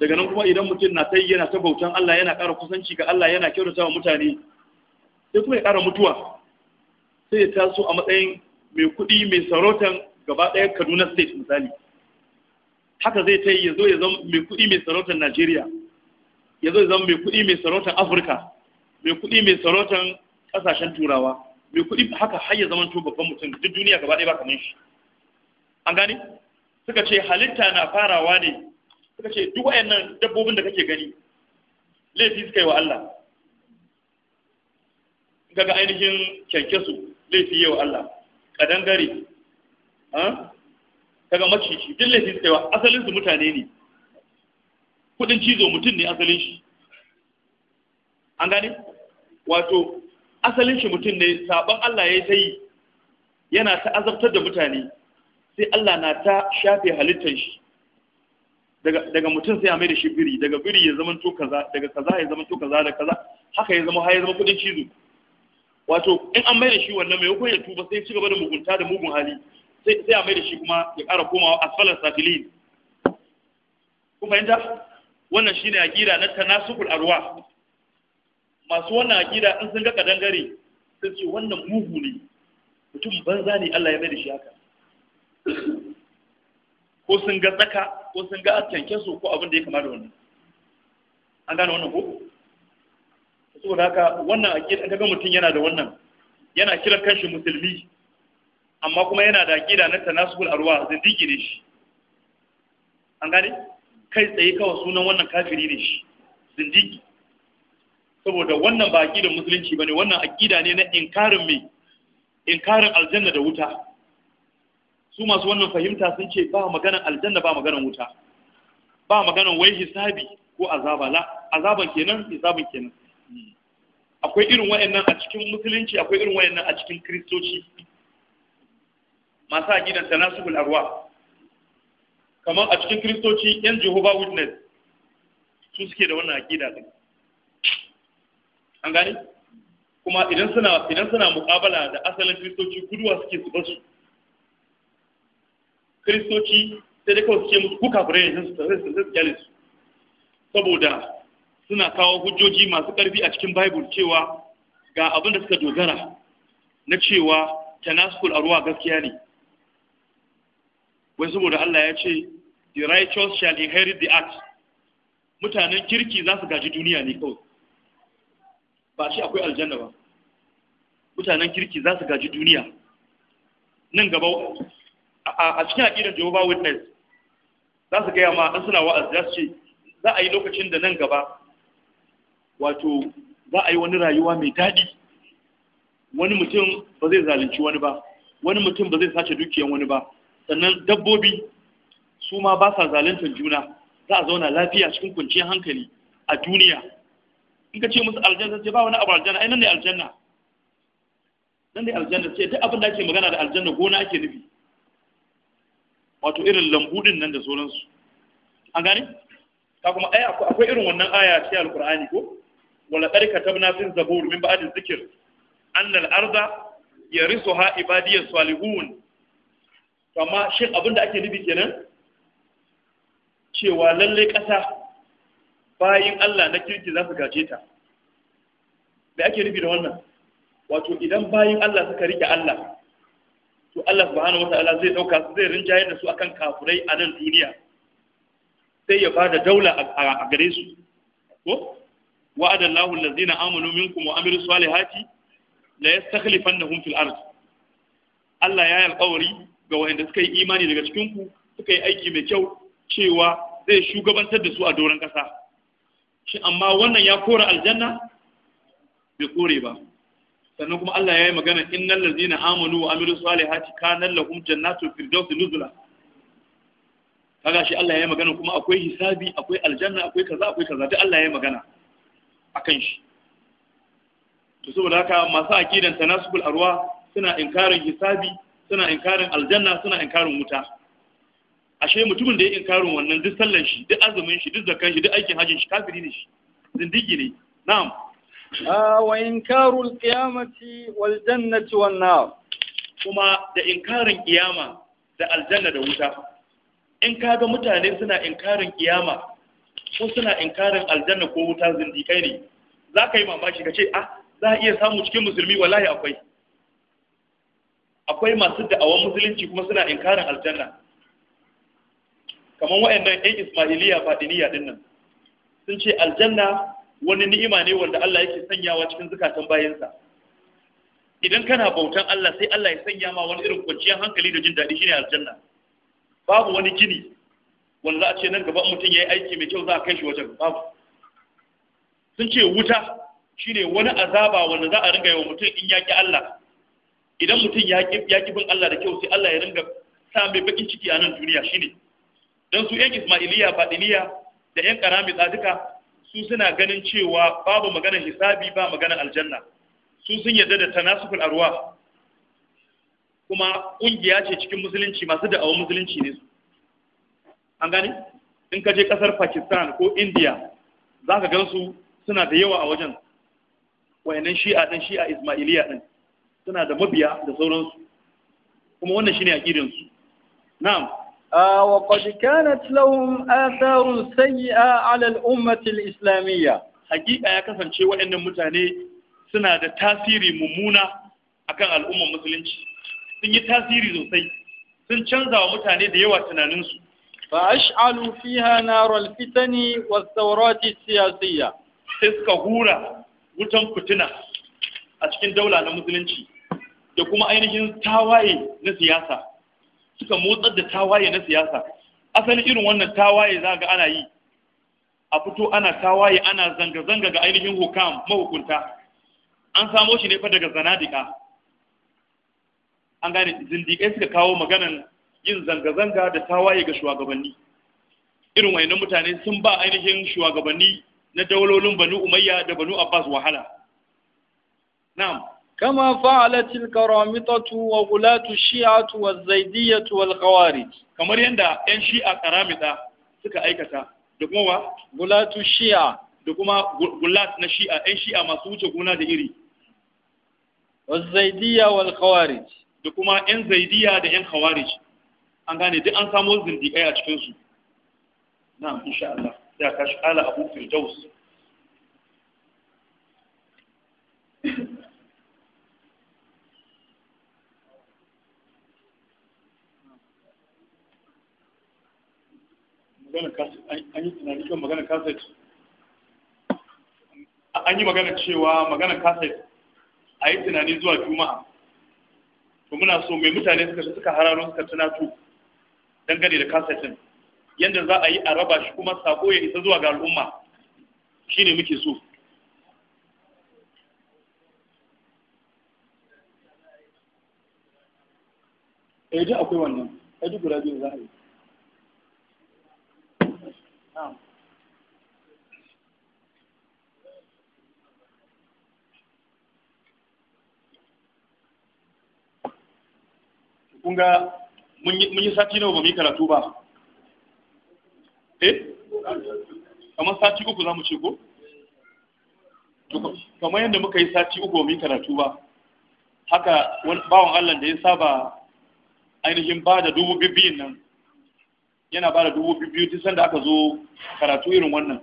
daga nan kuma idan mutum na sai yana sabautan Allah yana ƙara kusanci ga Allah yana kyautatawa mutane sai kuma ya ƙara mutuwa sai ya taso a matsayin mai kuɗi mai sarautan gaba ɗaya kaduna state misali haka zai ta yi ya zo ya zama mai kuɗi mai sarautan najeriya ya zo ya zama mai kuɗi mai sarautan afirka mai kuɗi mai sarautan ƙasashen turawa mai kuɗi haka har ya zama babban mutum duk duniya gaba ɗaya ba kamar shi an gane suka ce halitta na farawa ne suka ce duk wayannan dabbobin da kake gani laifi suka yi wa Allah kaga ainihin kyankyasu laifi yi wa Allah kadangare ah, kaga macici duk laifin tsayawa asalin su mutane ne kudin cizo mutum ne asalin shi an gane wato asalin shi mutum ne sabon Allah ya ta yi yana ta azabtar da mutane sai Allah na ta shafe halittar shi daga mutum sai a mai da shi biri daga biri ya zama to kaza daga kaza ya zama to kaza da kaza haka ya zama har ya zama kudin cizo wato in an mai da shi wannan mai maimakon ya tuba sai ci gaba da mugunta da mugun hali sai a mai da shi kuma ya ƙara komawa asfalar safilin kun fahimta wannan shine aqida na tanasukul arwa masu wannan aqida in sun ga kadangare sun ce wannan mugu ne mutum banza ne Allah ya mai da shi haka ko sun ga tsaka ko sun ga kyankyaso ko abin da ya kamata da wannan an gane wannan ko saboda haka wannan aqida kaga mutum yana da wannan yana kiran kanshi musulmi amma kuma yana da aqida na tanasubul arwa zindigi ne shi an gane kai tsaye kawai sunan wannan kafiri ne shi zindigi saboda wannan ba aqidar musulunci bane wannan aqida ne na inkarin me inkarin aljanna da wuta su masu wannan fahimta sun ce ba magana aljanna ba magana wuta ba magana wai hisabi ko azaba la azaban kenan hisabin kenan akwai irin wayannan a cikin musulunci akwai irin wayannan a cikin kristoci masu aqidan tanasubul arwa kamar a cikin kristoci yan Jehova witness su suke da wannan aqida din an gane kuma idan suna idan suna muqabala da asalin kristoci guduwa suke su basu kristoci sai dai kawai suke musu ku kafirai ne sai su su saboda suna kawo hujjoji masu ƙarfi a cikin bible cewa ga abin da suka dogara na cewa tanaskul arwa gaskiya ne wai saboda Allah ya ce the righteous shall inherit the earth mutanen kirki za su gaji duniya ne kawai ba shi akwai aljanna ba mutanen kirki za su gaji duniya nan gaba a cikin aƙidar Jehovah Witness za su gaya ma An suna wa'azi za su ce za a yi lokacin da nan gaba wato za a yi wani rayuwa mai daɗi wani mutum ba zai zalunci wani ba wani mutum ba zai sace dukiyan wani ba sannan dabbobi su ma ba sa zaluntar juna za a zauna lafiya cikin kwanciyar hankali a duniya in ka ce musu aljanna ce ba wani abu aljanna ai nan ne aljanna nan ne aljanna ce duk abin da ake magana da aljanna gona ake nufi wato irin lambu din nan da sauransu an gane ka kuma ai akwai irin wannan aya ce alqur'ani ko wala qad katabna fi zabur min ba'd dhikr anna ya arda ha ibadiyar salihun amma shi abinda ake nufi kenan cewa lalle ƙasa bayin Allah na kirki za su gaje ta da ake nufi da wannan wato idan bayin Allah suka rike Allah to Allah subhanahu wataala zai dauka su zai rinjaye da su akan kafurai a nan duniya sai ya bada daula a gare su ko wa'ada Allahu allazina amanu minkum wa amilu salihati la yastakhlifannahum fil ard Allah ya yi alƙawari ga waɗanda suka yi imani daga cikin ku suka yi aiki mai kyau cewa zai shugabantar da su a doron ƙasa shi amma wannan ya kora aljanna bai kore ba sannan kuma Allah ya yi magana innal ladzina wa nuzula kaga shi Allah ya yi magana kuma akwai hisabi akwai aljanna akwai kaza akwai kaza duk Allah ya yi magana akan shi to saboda haka masu aqidan tanasubul arwa suna inkarin hisabi suna inkarin aljanna suna inkarin wuta ashe mutumin da ya inkarin wannan duk sallan shi duk azumin shi duk zakan shi duk aikin hajjin shi kafiri ne shi zindigi ne na'am wa inkarul qiyamati wal jannati wan nar kuma da inkarin kiyama da aljanna da wuta in kaga mutane suna inkarin kiyama ko suna inkarin aljanna ko wuta zindikai ne za ka yi mamaki ka ce ah za a iya samu cikin musulmi wallahi akwai akwai masu da'awan musulunci kuma suna inkarin aljanna kamar waɗannan 'yan ismailiya fadiniya din nan sun ce aljanna wani ni'ima ne wanda Allah yake sanyawa cikin zukatan bayansa idan kana bautan Allah sai Allah ya sanya ma wani irin kwanciyar hankali da jin daɗi shine aljanna babu wani gini wanda za a ce nan gaba mutum ya yi aiki mai kyau za a kai shi wajen babu sun ce wuta shine wani azaba wanda za a ringa wa mutum in ya ƙi Allah idan mutum ya ƙi bin Allah da kyau sai Allah ya ringa sa mai bakin ciki a nan duniya shine dan su yan Ismailiya Fadiliya da yan Karami duka su suna ganin cewa babu magana hisabi ba magana aljanna su sun yarda da tanasukul arwa kuma ƙungiya ce cikin musulunci masu da'awar musulunci ne su an gane in ka je kasar pakistan ko india za ka gansu suna da yawa a wajen wayannan shi'a ɗin shi'a ismailiya ɗin suna da mabiya da sauransu kuma wannan shine aqidansu na'am wa qad kanat lahum atharun sayyi'a 'ala al-ummati al-islamiyya hakika ya kasance wayannan mutane suna da tasiri mummuna akan al'ummar musulunci sun yi tasiri sosai sun canza wa mutane da yawa tunaninsu فأشعلوا فيها نار الفتن والثورات السياسية تسكى هورا وتم فتنة أشكين دولة نمزلنشي da kuma ainihin tawaye na siyasa suka motsar da tawaye na siyasa asalin irin wannan tawaye za ga ana yi a fito ana tawaye ana zanga-zanga ga ainihin hukam mahukunta an samo shi ne fa daga zanadika an gane zindiƙai suka kawo maganan yin zanga-zanga da tawaye ga shugabanni irin wayannan mutane sun ba ainihin shugabanni na daulolin banu umayya da banu abbas wahala na'am kama fa'alat al-karamitatu wa gulatu shi'atu wa zaidiyatu wal khawarij kamar yanda ɗan shi'a karamita suka aikata da kuma wa gulatu shi'a da kuma gulat na shi'a ɗan shi'a masu wuce gona da iri wa Zaidiyya wal khawarij da kuma ɗan Zaidiyya da ɗan khawarij an gane duk an samu zindiƙai a cikinsu na insha Allah da ka shi ala abu firdaus an yi magana kaset an yi magana cewa magana kaset a yi tunani zuwa juma'a to muna so mai mutane suka suka hararo suka tunatu. dangane da kasetin yadda za a yi a raba shi kuma sako ya isa zuwa ga al'umma shine muke so eh duk akwai wannan ai duk guda biyu za a yi kunga mun yi sati nawa ba mu yi karatu ba eh kamar sati uku za mu ce ko kamar yadda muka yi sati uku ba mu yi karatu ba haka bawan Allah da ya saba ainihin ba da dubu bibiyun nan yana ba da dubu biyu duk sanda aka zo karatu irin wannan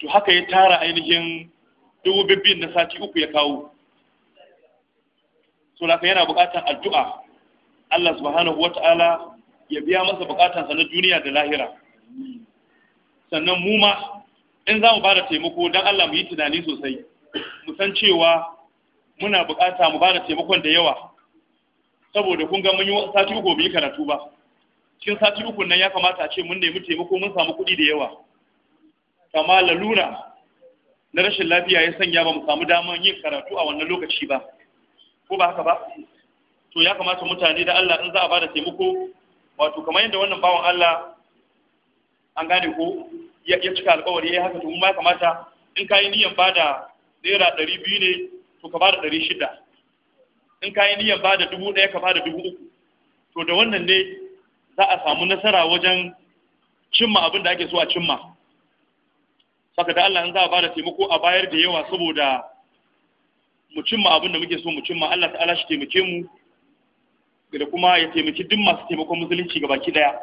to haka ya tara ainihin dubu bibiyun na sati uku ya kawo so da yana buƙatar addu'a Allah subhanahu ta’ala ya biya masa bukatansa na duniya da lahira sannan mu ma in za mu ba taimako don Allah mu yi tunani sosai mu san cewa muna bukata mu bada da taimakon da yawa saboda kun ga mun yi sati uku yi karatu ba cikin sati uku nan ya kamata a ce mun nemi taimako mun samu kuɗi da yawa kama lalura na rashin lafiya ya sanya ba mu samu damar yin karatu a wannan lokaci ba ko ba haka ba to ya kamata mutane da Allah in za a bada taimako wato kamar yadda wannan bawan Allah an gane ko ya cika alƙawari ya haka to kuma ya kamata in ka yi niyyar bada naira ɗari biyu ne to ka bada ɗari shida in ka yi niyyar bada dubu ɗaya ka bada dubu uku to da wannan ne za a samu nasara wajen cimma abin da ake so a cimma saka da Allah in za a bada taimako a bayar da yawa saboda mu cimma abin da muke so mu cimma Allah ta'ala shi taimake mu da kuma ya taimaki duk masu taimakon musulunci gabaki baki daya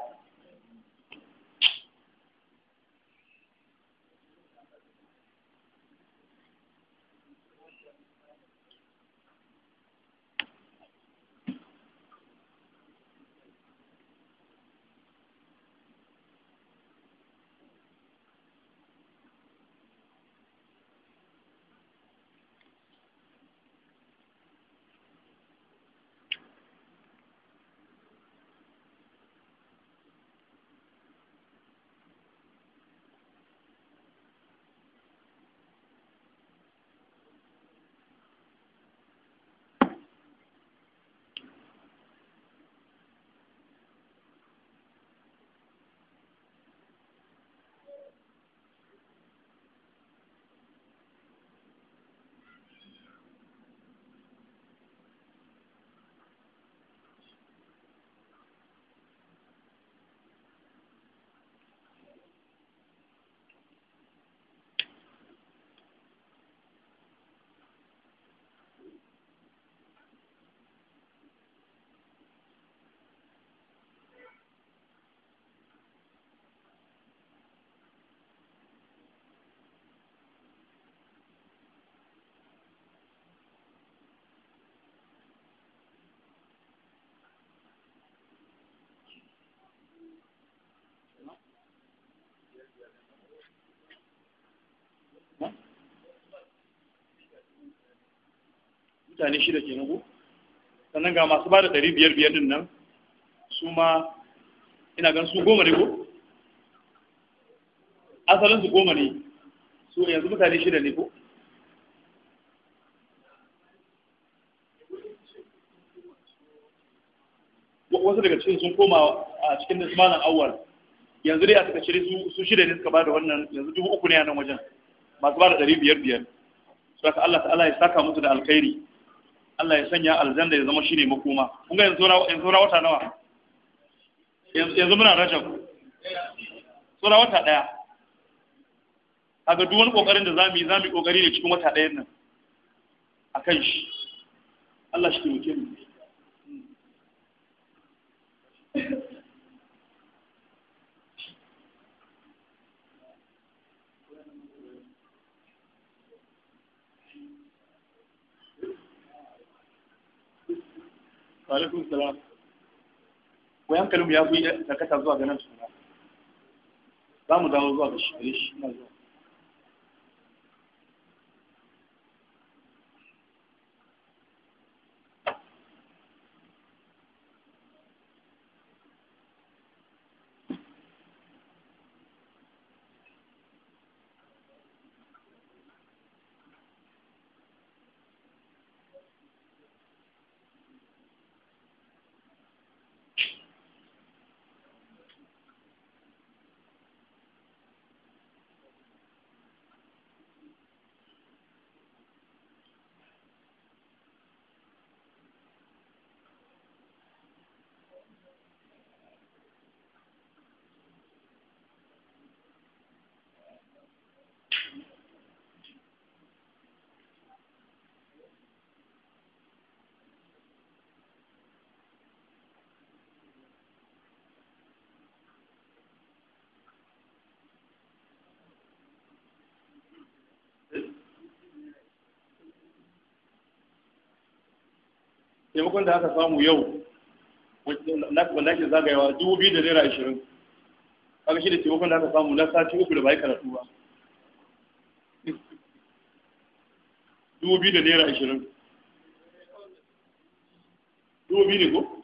mutane shida ke nugu sannan ga masu ba da ɗari biyar biyar din nan su ma ina gan su goma ne ko asalin su goma ne su yanzu mutane shida ne ko wasu daga cikin sun koma a cikin nismanin awal yanzu dai a suka cire su shida ne suka ba da wannan yanzu dubu uku ne a nan wajen masu ba da ɗari biyar biyar su haka Allah Allah ya saka musu da alkhairi Allah ya sanya aljanna ya zama shine makoma kun ga yanzu yanzu wata nawa yanzu muna rajab sura wata daya kaga duk wani kokarin da zamu yi zamu yi kokari ne cikin wata daya nan akan shi Allah shi ke mutum alaikum salam ko hankalin mu ya da karkata zuwa ganin suna za mu dawo zuwa ga shi na zuwa taimakon da aka samu yau wallahi zagayawa dubu biyu da naira ashirin kaga shi da taimakon da aka samu na sati uku da bai karatu ba dubu biyu da naira ashirin dubu biyu ne ko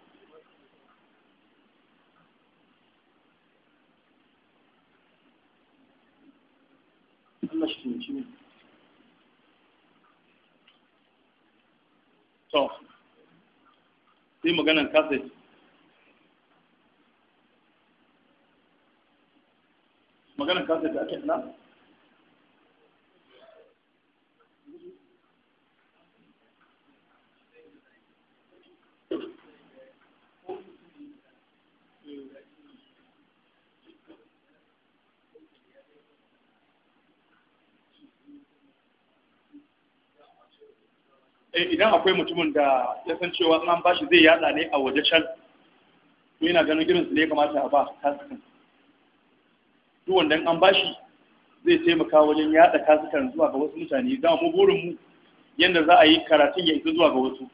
Allah shi ne. sai maganan kasai maganan kasai da ake na Eh, idan akwai mutumin da ya san cewa an bashi zai yada ne a waje can to yana ganin irin su ne kamata a ba kasukan duk wanda an bashi zai taimaka wajen yada kasukan zuwa ga wasu mutane da mu burin mu yanda za a yi karatun ya isa zuwa ga wasu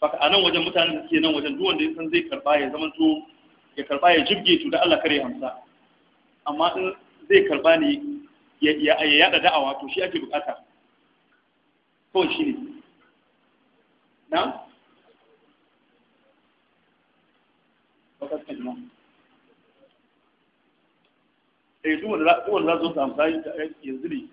saka nan wajen mutanen da suke nan wajen duk wanda ya san zai karba ya zama to ya karba ya jibge to da Allah kare hamsa amma in zai karba ne ya yada da'awa to shi ake bukata kawai shi ne na? eh duk wanda za su amsa yanzu ne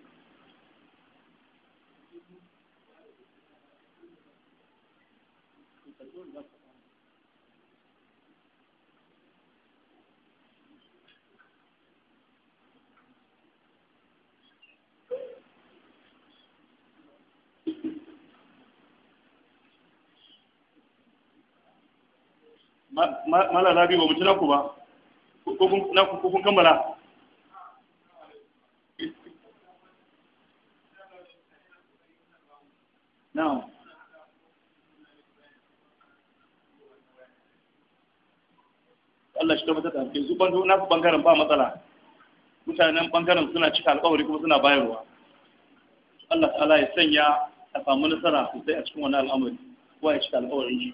mala labi ba mu naku ba ko kun kammala na'am Allah shi tabbatar da ke su na ku bangaren ba matsala mutanen bangaren suna cika alƙawari kuma suna bayarwa Allah ta'ala ya sanya a samu nasara sosai a cikin wani al'amari kowa ya cika alƙawarin shi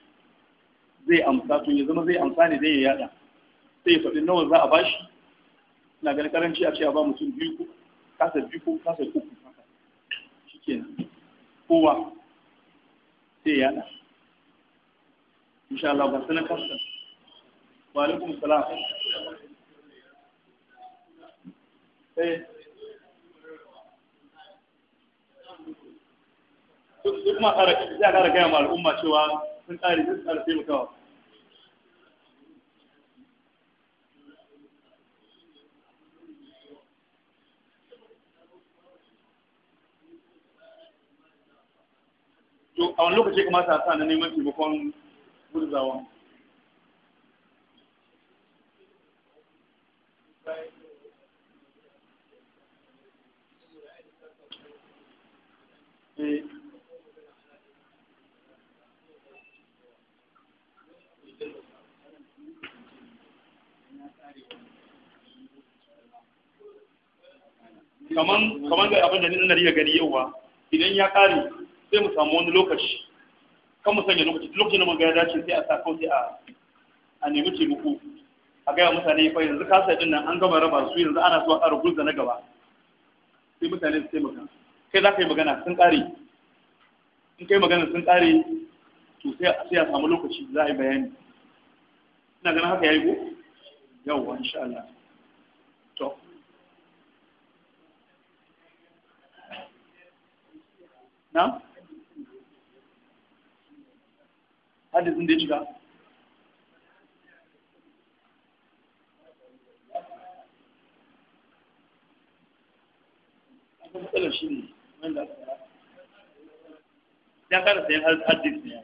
zai amsa to ya zama zai amsa ne zai ya yada sai faɗi nawa za a bashi na ganin karanci a ce a ba mutum biyu ko kasar biyu ko kasar uku haka shikenan kowa sai ya yada insha Allah ba sanan kasar wa alaikum salam eh duk ma ƙara gaya ma al'umma cewa sun ƙari sun ƙara taimakawa to a wani lokaci kuma a sa na neman taimakon gudunzawa eh. kaman ga abin da nuna riga gari yau ba idan ya kare sai mu samu wani lokaci kan mu sanya lokaci lokacin da mun ga ya dace sai a sako sai a a nemi taimako a gaya mutane fa yanzu kasa din an gama raba su yanzu ana so a ƙara gurza na gaba sai mutane su taimaka kai za ka yi magana sun ƙare in kai magana sun ƙare to sai a samu lokaci za a yi bayani ina ganin haka ya yi ko yawwa insha Allah hadisin da ya shiga ne ya kara sayan hadis ne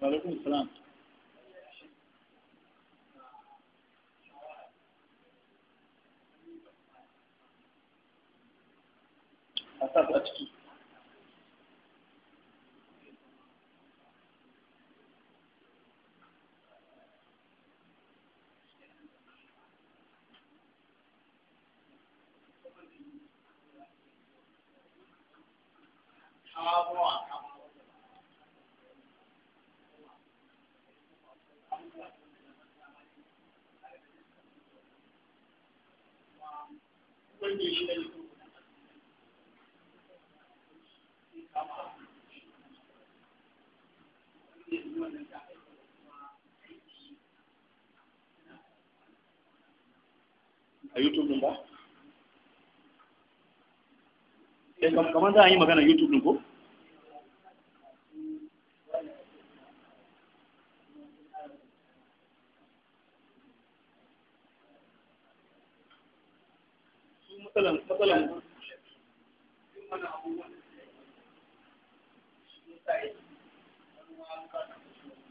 Wa alaikum salam. a youtube din ba? Eh, kamar za a yi magana youtube din ko?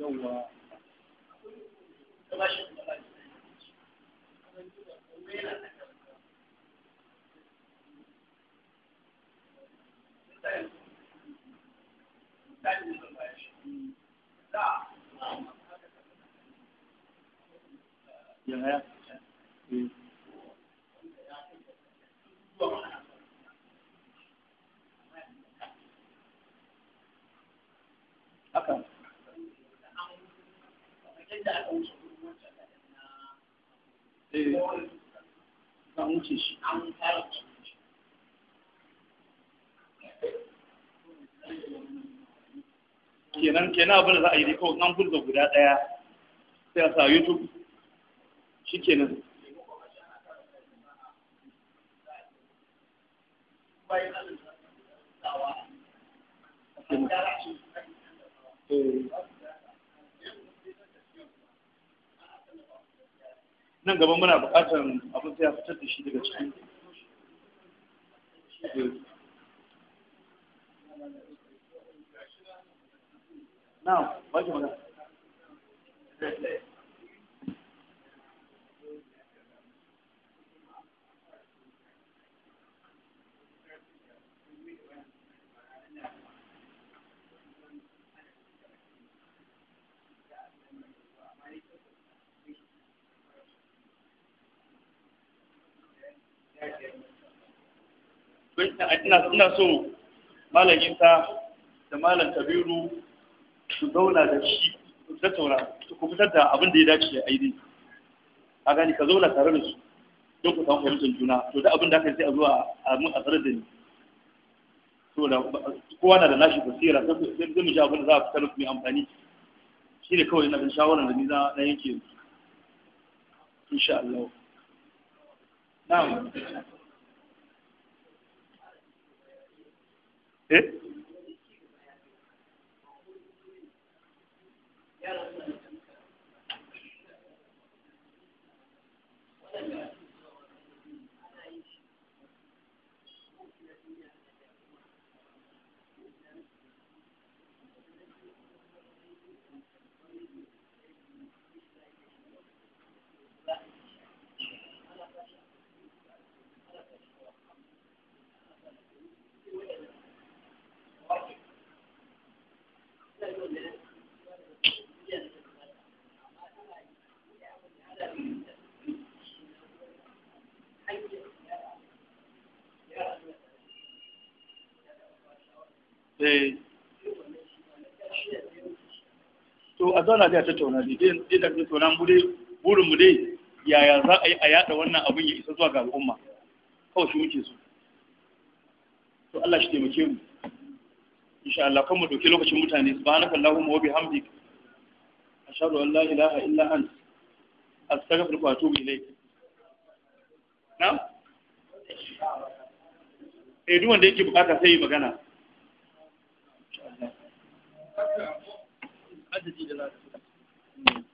yawwa Yeah. yeah. Eh, kenan kenan abin da za a yi kawai an da guda ɗaya sai a sa youtube shi kenan Thank eh. you. nan gaba muna buƙatar abin sai a fitar da shi daga cikin na ba ki ina so malam da malam kabiru su zauna da shi su tattauna su fitar da abin da ya dace a yi a gani ka zauna tare da su don ku samu fahimtar juna to da abin da aka sai a zuwa a asar da ni to da kowa na da nashi basira sai zai mu ji abin da za a fitar mai amfani shi ne kawai na bin shawarar da ni za na yanke insha Allah na'am eh Eh. to a zauna da ta tauna ne dai da ta tauna mu dai burin mu dai yaya za a yi a yada wannan abin ya isa zuwa ga al'umma kawai shi muke so to Allah shi taimake mu insha Allah kan doke lokacin mutane subhanaka allahumma wa bihamdik ashhadu an la ilaha illa ant astaghfiruka wa atubu ilayk na eh duk wanda yake bukata sai magana adadi da lafiya.